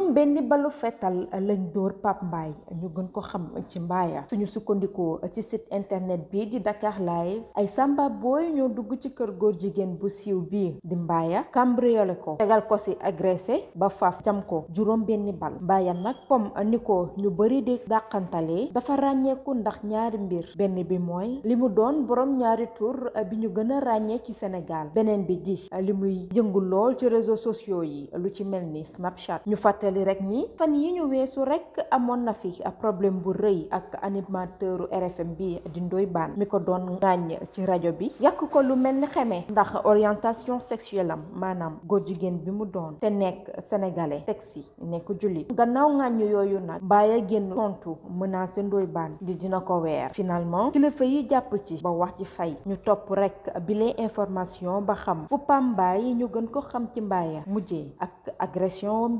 juróom benn balu fetal lañ dóor Pape Mbaye ñu gën ko xam ci mbaaya suñu sukkandikoo ci site internet bi di Dakar Live ay samba booy ñoo dugg ci kër góor jigéen bu siiw bii di mbaaya cambriolé ko tegal ko si agressé ba faaf jam ko juróom benn bal mbaaya nag comme ni ko ñu bëri di dàqantale dafa ràññeeku ndax ñaari mbir benn bi mooy li mu doon boroom ñaari tur bi ñu gën a ràññee ci Sénégal beneen bi di li muy yëngu lool ci réseaux sociaux yi lu ci mel fàttali rek nii fan yi ñu weesu rek amoon na fi problème bu rëy ak animateuru RFM bi di Ndoye Bane mi ko doon ngaañ ci rajo bi yàq ko lu mel ni xeme ndax orientation sexuelle maanaam góor jigéen bi mu doon te nekk sénégalais sexy nekk jullit gannaaw ngaañ yooyu nag bàyyi génn tontu menacé Ndoye baan di dina ko weer finalement kilifa yi jàpp ci ba wax ci fay ñu topp rek bile information ba xam fu Pam yi ñu gën ko xam ci mbaaya mujjee ak agression wam